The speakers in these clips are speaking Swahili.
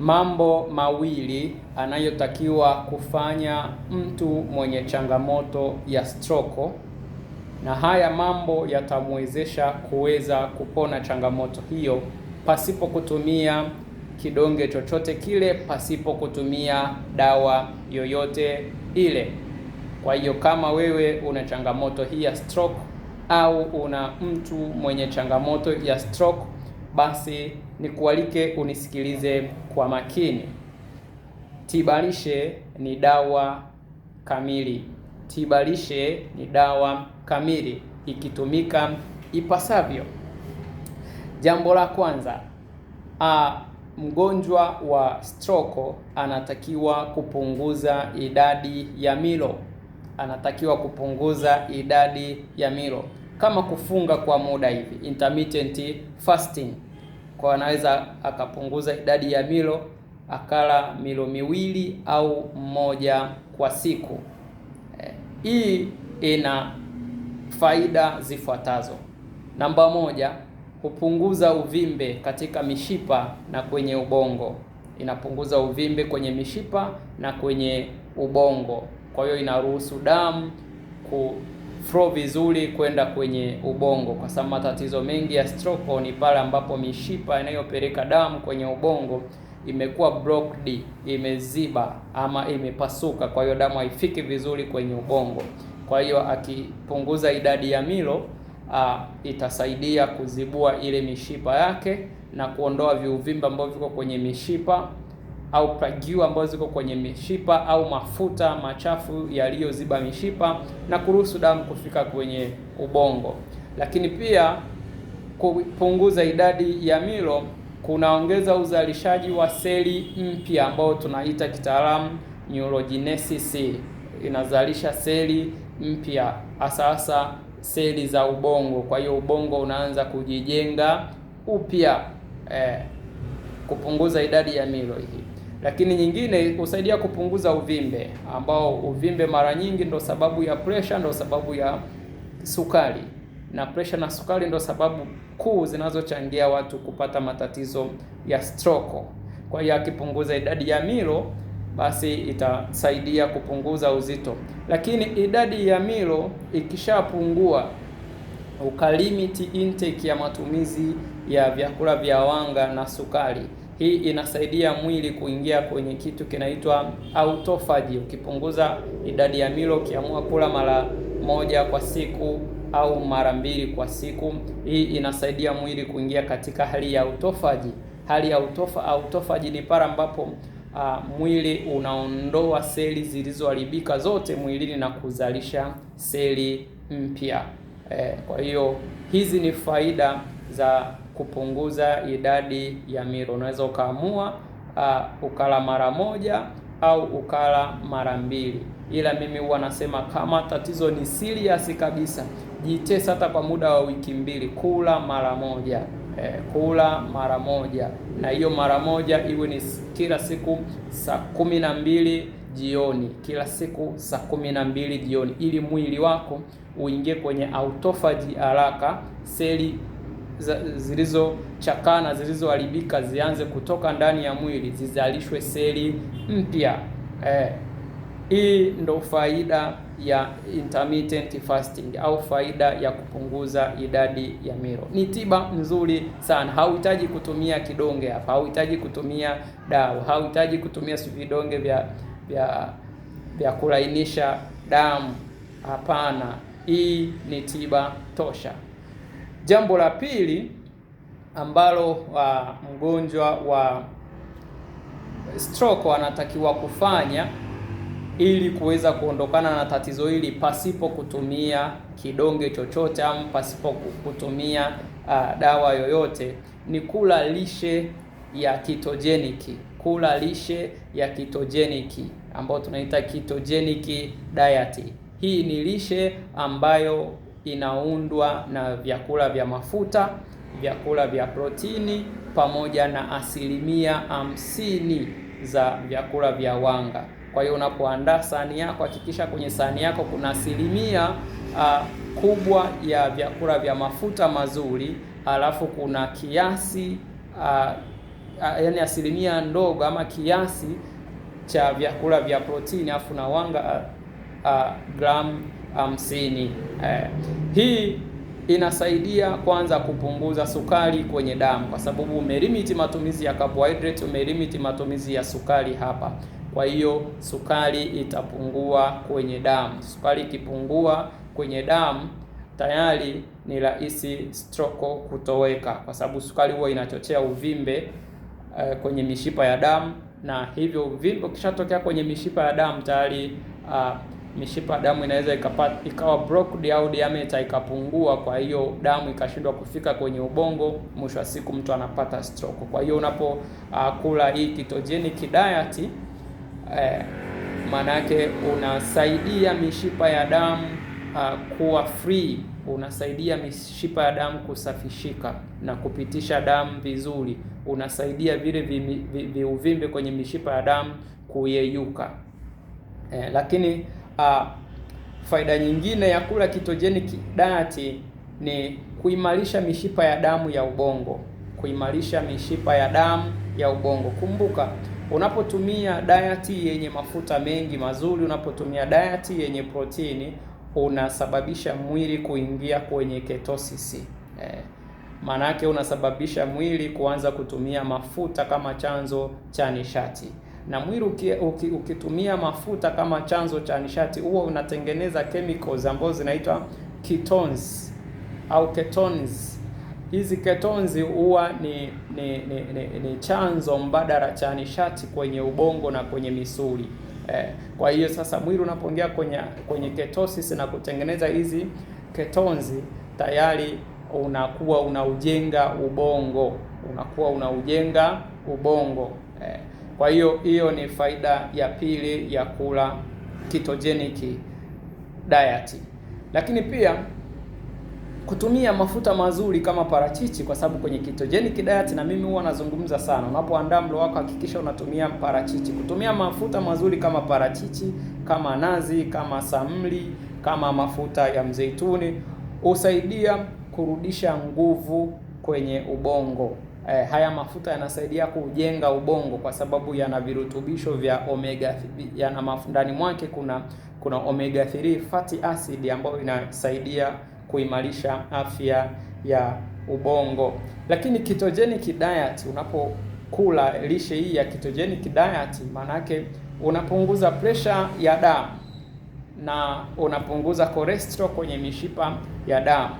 Mambo mawili anayotakiwa kufanya mtu mwenye changamoto ya stroko, na haya mambo yatamwezesha kuweza kupona changamoto hiyo pasipo kutumia kidonge chochote kile, pasipo kutumia dawa yoyote ile. Kwa hiyo kama wewe una changamoto hii ya stroke au una mtu mwenye changamoto ya stroke, basi nikualike unisikilize kwa makini. Tibalishe ni dawa kamili. Tibalishe ni dawa kamili ikitumika ipasavyo. Jambo la kwanza, a, mgonjwa wa stroke anatakiwa kupunguza idadi ya milo, anatakiwa kupunguza idadi ya milo, kama kufunga kwa muda hivi, intermittent fasting kwa anaweza akapunguza idadi ya milo akala milo miwili au mmoja kwa siku. Eh, hii ina faida zifuatazo. Namba moja, hupunguza uvimbe katika mishipa na kwenye ubongo. Inapunguza uvimbe kwenye mishipa na kwenye ubongo, kwa hiyo inaruhusu damu ku flow vizuri kwenda kwenye ubongo, kwa sababu matatizo mengi ya stroke ni pale ambapo mishipa inayopeleka damu kwenye ubongo imekuwa blocked, imeziba ama imepasuka, kwa hiyo damu haifiki vizuri kwenye ubongo. Kwa hiyo akipunguza idadi ya milo a, itasaidia kuzibua ile mishipa yake na kuondoa viuvimba ambavyo viko kwenye mishipa au plagiu ambazo ziko kwenye mishipa au mafuta machafu yaliyoziba mishipa na kuruhusu damu kufika kwenye ubongo. Lakini pia kupunguza idadi ya milo kunaongeza uzalishaji wa seli mpya ambayo tunaita kitaalamu neurogenesis. Inazalisha seli mpya asasa seli za ubongo. Kwa hiyo ubongo unaanza kujijenga upya eh, kupunguza idadi ya milo hii. Lakini nyingine husaidia kupunguza uvimbe, ambao uvimbe mara nyingi ndo sababu ya pressure, ndo sababu ya sukari, na presha na sukari ndo sababu kuu zinazochangia watu kupata matatizo ya stroke. Kwa hiyo akipunguza idadi ya milo basi itasaidia kupunguza uzito, lakini idadi ya milo ikishapungua, ukalimiti intake ya matumizi ya vyakula vya wanga na sukari. Hii inasaidia mwili kuingia kwenye kitu kinaitwa autofaji. Ukipunguza idadi ya milo, ukiamua kula mara moja kwa siku au mara mbili kwa siku, hii inasaidia mwili kuingia katika hali ya autofaji. Hali ya autofa, autofaji ni pale ambapo uh, mwili unaondoa seli zilizoharibika zote mwilini na kuzalisha seli mpya. Eh, kwa hiyo hizi ni faida za kupunguza idadi ya milo. Unaweza ukaamua uh, ukala mara moja au ukala mara mbili, ila mimi huwa nasema kama tatizo ni serious kabisa, jitesa hata kwa muda wa wiki mbili, kula mara moja eh, kula mara moja, na hiyo mara moja iwe ni kila siku saa kumi na mbili jioni, kila siku saa kumi na mbili jioni, ili mwili wako uingie kwenye autophagy haraka, seli zilizochakaa na zilizoharibika zianze kutoka ndani ya mwili zizalishwe seli mpya. Eh, hii ndo faida ya intermittent fasting au faida ya kupunguza idadi ya milo. Ni tiba nzuri sana, hauhitaji kutumia kidonge hapa, hauhitaji kutumia dawa, hauhitaji kutumia vidonge vya vya vya kulainisha damu. Hapana, hii ni tiba tosha. Jambo la pili ambalo uh, mgonjwa wa stroke anatakiwa kufanya ili kuweza kuondokana na tatizo hili pasipo kutumia kidonge chochote au pasipo kutumia uh, dawa yoyote ni kula lishe ya kitojeniki, kula lishe ya kitojeniki ambayo tunaita ketogenic diet. Hii ni lishe ambayo inaundwa na vyakula vya mafuta, vyakula vya protini pamoja na asilimia hamsini za vyakula vya wanga. Kwa hiyo unapoandaa sahani yako hakikisha kwenye sahani yako kuna asilimia uh, kubwa ya vyakula vya mafuta mazuri, alafu kuna kiasi uh, uh, yani asilimia ndogo ama kiasi cha vyakula vya protini, alafu na wanga uh, uh, gramu hamsini. Eh, hii inasaidia kwanza kupunguza sukari kwenye damu, kwa sababu umelimiti matumizi ya carbohydrate, umelimiti matumizi ya sukari hapa. Kwa hiyo sukari itapungua kwenye damu. Sukari ikipungua kwenye damu tayari ni rahisi stroke kutoweka, kwa sababu sukari huwa inachochea uvimbe eh, kwenye mishipa ya damu, na hivyo uvimbe ukishatokea kwenye mishipa ya damu tayari uh, mishipa damu inaweza ikapata ikawa blocked au diameter ikapungua, kwa hiyo damu ikashindwa kufika kwenye ubongo, mwisho wa siku mtu anapata stroke. Kwa hiyo unapo uh, kula hii ketogenic diet eh, maana yake unasaidia mishipa ya damu uh, kuwa free, unasaidia mishipa ya damu kusafishika na kupitisha damu vizuri, unasaidia vile viuvimbe vi, vi, vi kwenye mishipa ya damu kuyeyuka eh, lakini Uh, faida nyingine ya kula ketogenic diet ni kuimarisha mishipa ya damu ya ubongo, kuimarisha mishipa ya damu ya ubongo. Kumbuka, unapotumia diet yenye mafuta mengi mazuri, unapotumia diet yenye protini, unasababisha mwili kuingia kwenye ketosis eh. Maana yake unasababisha mwili kuanza kutumia mafuta kama chanzo cha nishati na mwili ukitumia mafuta kama chanzo cha nishati huo unatengeneza chemicals ambazo zinaitwa ketones au ketones. Hizi ketones huwa ni ni, ni, ni ni chanzo mbadala cha nishati kwenye ubongo na kwenye misuli. Eh, kwa hiyo sasa mwili unapoingia kwenye kwenye ketosis na kutengeneza hizi ketones tayari unakuwa unaujenga ubongo, unakuwa unaujenga ubongo eh. Kwa hiyo hiyo ni faida ya pili ya kula ketogenic diet, lakini pia kutumia mafuta mazuri kama parachichi, kwa sababu kwenye ketogenic diet, na mimi huwa nazungumza sana, unapoandaa mlo wako hakikisha unatumia parachichi, kutumia mafuta mazuri kama parachichi, kama nazi, kama samli, kama mafuta ya mzeituni husaidia kurudisha nguvu kwenye ubongo eh, haya mafuta yanasaidia kujenga ubongo kwa sababu yana virutubisho vya omega, yana ndani mwake kuna kuna omega 3 fatty acid ambayo inasaidia kuimarisha afya ya ubongo. Lakini ketogenic diet, unapokula lishe hii ya ketogenic diet, maanake unapunguza pressure ya damu na unapunguza cholesterol kwenye mishipa ya damu.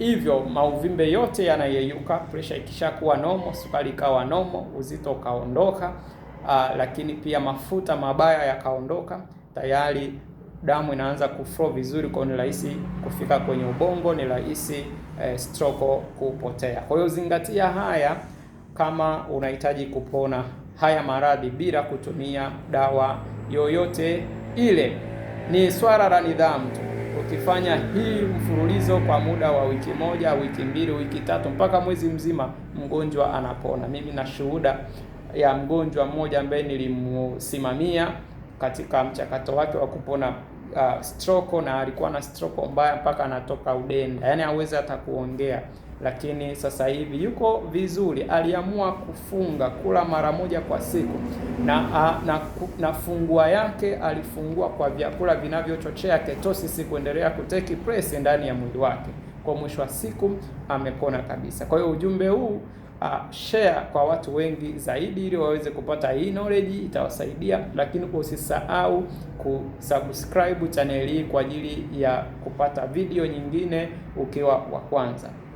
Hivyo mauvimbe yote yanayeyuka, presha ikishakuwa nomo, sukari ikawa nomo, uzito ukaondoka, ah, lakini pia mafuta mabaya yakaondoka, tayari damu inaanza kuflow vizuri, kwa ni rahisi kufika kwenye ubongo, ni rahisi eh, stroke kupotea. Kwa hiyo zingatia haya kama unahitaji kupona haya maradhi bila kutumia dawa yoyote ile. Ni swala la nidhamu tu ukifanya hii mfululizo kwa muda wa wiki moja, wiki mbili, wiki tatu, mpaka mwezi mzima, mgonjwa anapona. Mimi na shuhuda ya mgonjwa mmoja ambaye nilimsimamia katika mchakato wake wa kupona uh, stroke na alikuwa na stroke mbaya mpaka anatoka udenda, yaani hawezi hata kuongea, lakini sasa hivi yuko vizuri. Aliamua kufunga kula mara moja kwa siku na, a, na, na fungua yake alifungua kwa vyakula vinavyochochea ketosis kuendelea kuteki place ndani ya mwili wake. Kwa mwisho wa siku amepona kabisa. Kwa hiyo ujumbe huu uh, share kwa watu wengi zaidi, ili waweze kupata hii knowledge, itawasaidia. Lakini usisahau kusubscribe channel hii kwa ajili ya kupata video nyingine ukiwa wa kwanza.